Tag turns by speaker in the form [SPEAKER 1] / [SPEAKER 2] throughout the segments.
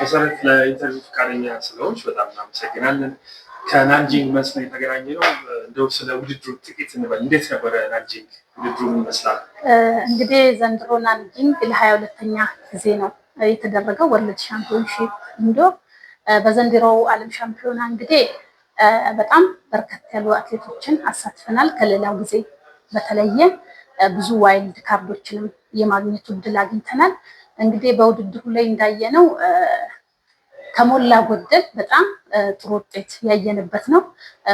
[SPEAKER 1] መሰረት ለኢንተርቪው ፈቃደኛ ስለሆንሽ በጣም እናመሰግናለን። ከናንጂንግ መስመር የተገናኘ ነው። እንደው ስለ ውድድሩ ጥቂት እንበል። እንዴት ነበረ ናንጂንግ? ውድድሩ ምን ይመስላል?
[SPEAKER 2] እንግዲህ ዘንድሮ ናንጂንግ ለሀያ ሁለተኛ ጊዜ ነው የተደረገው ወርልድ ሻምፒዮንሺፕ እንዶ በዘንድሮው ዓለም ሻምፒዮና እንግዲህ በጣም በርከት ያሉ አትሌቶችን አሳትፈናል። ከሌላው ጊዜ በተለየ ብዙ ዋይልድ ካርዶችንም የማግኘቱ እድል አግኝተናል። እንግዲህ በውድድሩ ላይ እንዳየነው ከሞላ ጎደል በጣም ጥሩ ውጤት ያየንበት ነው።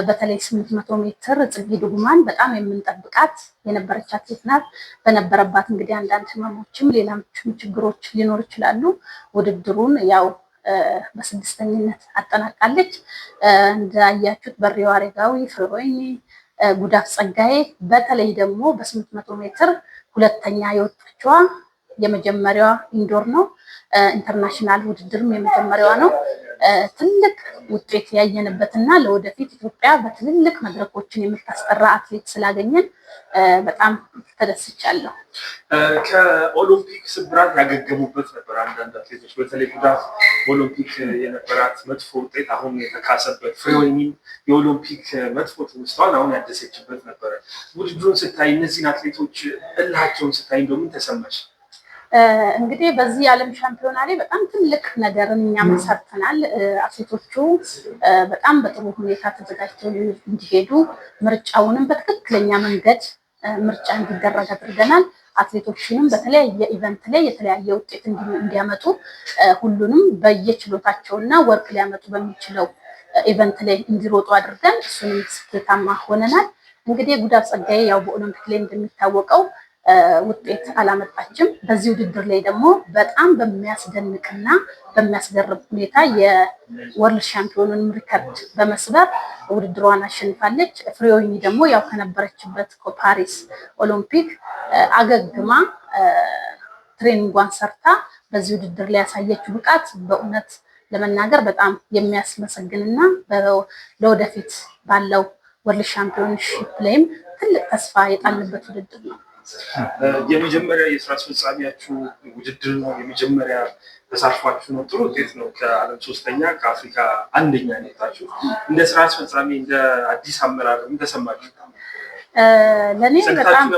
[SPEAKER 2] በተለይ ስምንት መቶ ሜትር ጽጌ ድጉማን በጣም የምንጠብቃት የነበረች አትሌት ናት። በነበረባት እንግዲህ አንዳንድ ህመሞችም ሌላም ችግሮች ሊኖር ይችላሉ። ውድድሩን ያው በስድስተኝነት አጠናቃለች። እንዳያችሁት በሬ አረጋዊ፣ ፍሬወይኒ ጉዳፍ፣ ጸጋዬ በተለይ ደግሞ በስምንት መቶ ሜትር ሁለተኛ የወጣችዋ የመጀመሪያዋ ኢንዶር ነው። ኢንተርናሽናል ውድድርም የመጀመሪያዋ ነው። ትልቅ ውጤት ያየንበትና ለወደፊት ኢትዮጵያ በትልልቅ መድረኮችን የምታስጠራ አትሌት ስላገኘን በጣም ተደስቻለሁ።
[SPEAKER 1] ከኦሎምፒክ ስብራት ያገገሙበት ነበር አንዳንድ አትሌቶች፣ በተለይ ጉዳት ኦሎምፒክ የነበራት መጥፎ ውጤት አሁን የተካሰበት ፍሬ የኦሎምፒክ መጥፎ ትውስታዋን አሁን ያደሰችበት ነበረ። ውድድሩን ስታይ እነዚህን አትሌቶች እልሃቸውን ስታይ እንደምን ተሰማች
[SPEAKER 2] እንግዲህ በዚህ የዓለም ሻምፒዮና ላይ በጣም ትልቅ ነገርን እኛም ሰርተናል። አትሌቶቹ በጣም በጥሩ ሁኔታ ተዘጋጅተው እንዲሄዱ ምርጫውንም በትክክለኛ መንገድ ምርጫ እንዲደረግ አድርገናል። አትሌቶችንም በተለያየ ኢቨንት ላይ የተለያየ ውጤት እንዲያመጡ ሁሉንም በየችሎታቸውና ወርቅ ሊያመጡ በሚችለው ኢቨንት ላይ እንዲሮጡ አድርገን እሱንም ስኬታማ ሆነናል። እንግዲህ ጉዳፍ ጸጋዬ ያው በኦሎምፒክ ላይ እንደሚታወቀው ውጤት አላመጣችም። በዚህ ውድድር ላይ ደግሞ በጣም በሚያስደንቅና በሚያስገርም ሁኔታ የወርልድ ሻምፒዮንን ሪከርድ በመስበር ውድድሯን አሸንፋለች። ፍሬወይኒ ደግሞ ያው ከነበረችበት ፓሪስ ኦሎምፒክ አገግማ ትሬኒንጓን ሰርታ በዚህ ውድድር ላይ ያሳየችው ብቃት በእውነት ለመናገር በጣም የሚያስመሰግንና ለወደፊት ባለው ወርልድ ሻምፒዮንሺፕ ላይም ትልቅ ተስፋ የጣልንበት ውድድር ነው።
[SPEAKER 1] የመጀመሪያ የስራ አስፈጻሚያችሁ ውድድር ነው። የመጀመሪያ ተሳትፏችሁ ነው። ጥሩ ውጤት ነው። ከዓለም ሶስተኛ ከአፍሪካ አንደኛ ነታችሁ። እንደ ስራ አስፈጻሚ እንደ አዲስ አመራር ተሰማችሁ?
[SPEAKER 2] ለእኔ በጣም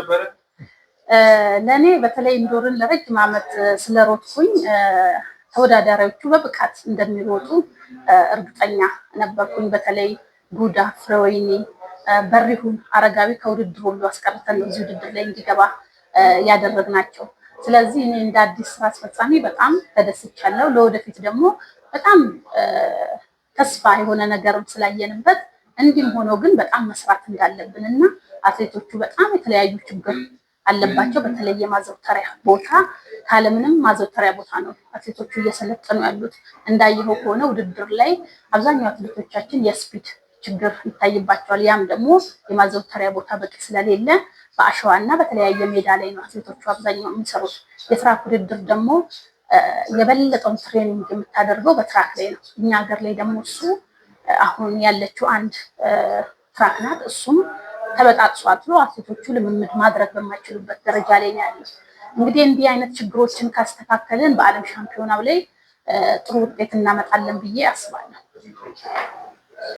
[SPEAKER 2] ለእኔ በተለይ እንዶርን ለረጅም ዓመት ስለሮጥኩኝ ተወዳዳሪዎቹ በብቃት እንደሚሮጡ እርግጠኛ ነበርኩኝ። በተለይ ጉዳ ፍሬወይኒ በሪሁን አረጋዊ ከውድድር ሁሉ አስቀርተን ነው እዚህ ውድድር ላይ እንዲገባ ያደረግናቸው። ስለዚህ እኔ እንደ አዲስ ስራ አስፈጻሚ በጣም ተደስቻለሁ። ለወደፊት ደግሞ በጣም ተስፋ የሆነ ነገርም ስላየንበት እንዲህም ሆኖ ግን በጣም መስራት እንዳለብን እና አትሌቶቹ በጣም የተለያዩ ችግር አለባቸው። በተለየ ማዘውተሪያ ቦታ ካለምንም ማዘውተሪያ ቦታ ነው አትሌቶቹ እየሰለጠኑ ያሉት። እንዳየኸው ከሆነ ውድድር ላይ አብዛኛው አትሌቶቻችን የስፒድ ችግር ይታይባቸዋል። ያም ደግሞ የማዘውተሪያ ቦታ በቂ ስለሌለ በአሸዋ እና በተለያየ ሜዳ ላይ ነው አትሌቶቹ አብዛኛው የሚሰሩት። የትራክ ውድድር ደግሞ የበለጠውን ትሬኒንግ የምታደርገው በትራክ ላይ ነው። እኛ ሀገር ላይ ደግሞ እሱ አሁን ያለችው አንድ ትራክ ናት። እሱም ተበጣጥሷል ብሎ አትሌቶቹ ልምምድ ማድረግ በማይችሉበት ደረጃ ላይ ነው ያሉት። እንግዲህ እንዲህ አይነት ችግሮችን ካስተካከልን በዓለም ሻምፒዮናው ላይ ጥሩ ውጤት እናመጣለን ብዬ አስባለሁ።